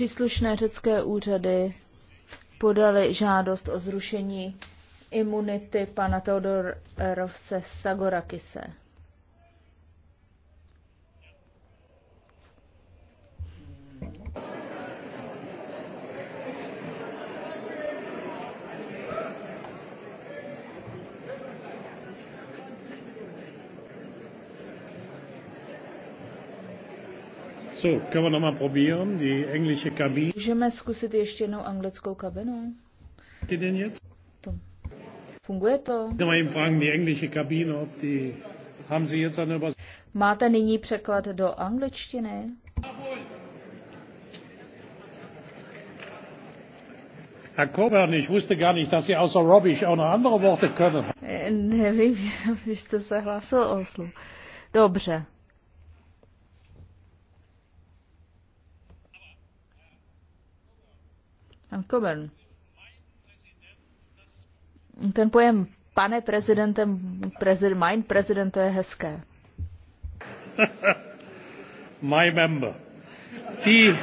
Příslušné řecké úřady podali žádost o zrušení imunity pana Teodorovse Sagorakise. So, nochmal probieren, die englische Kabine. Můžeme zkusit ještě jednou anglickou kabinu? Die denn jetzt? To. Funguje to? Mal eben fragen, die englische Kabine, ob die, haben Sie jetzt eine Übersetzung? Máte nyní překlad do angličtiny? Herr Coburn, ich wusste gar nicht, dass Sie außer auch noch andere Worte können. Eh, nevím, vy jste se hlásil o Dobře. Pan Coburn. Ten pojem pane prezidentem, prezid, mein prezident, to je hezké. My member. Ty...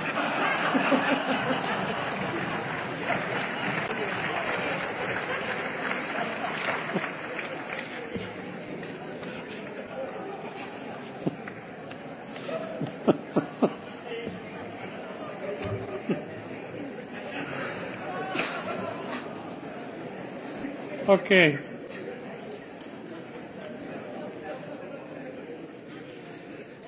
OK.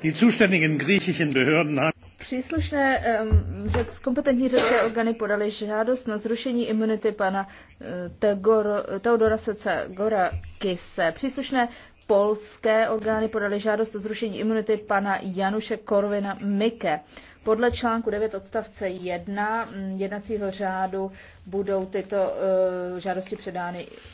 Die zuständigen griechischen Behörden haben Příslušné um, řec, kompetentní řecké orgány podaly žádost na zrušení imunity pana uh, Tegor, Teodora Sece Gora Kise. Příslušné polské orgány podaly žádost o zrušení imunity pana Januše Korvina Mike. Podle článku 9 odstavce 1 mm, jednacího řádu budou tyto uh, žádosti předány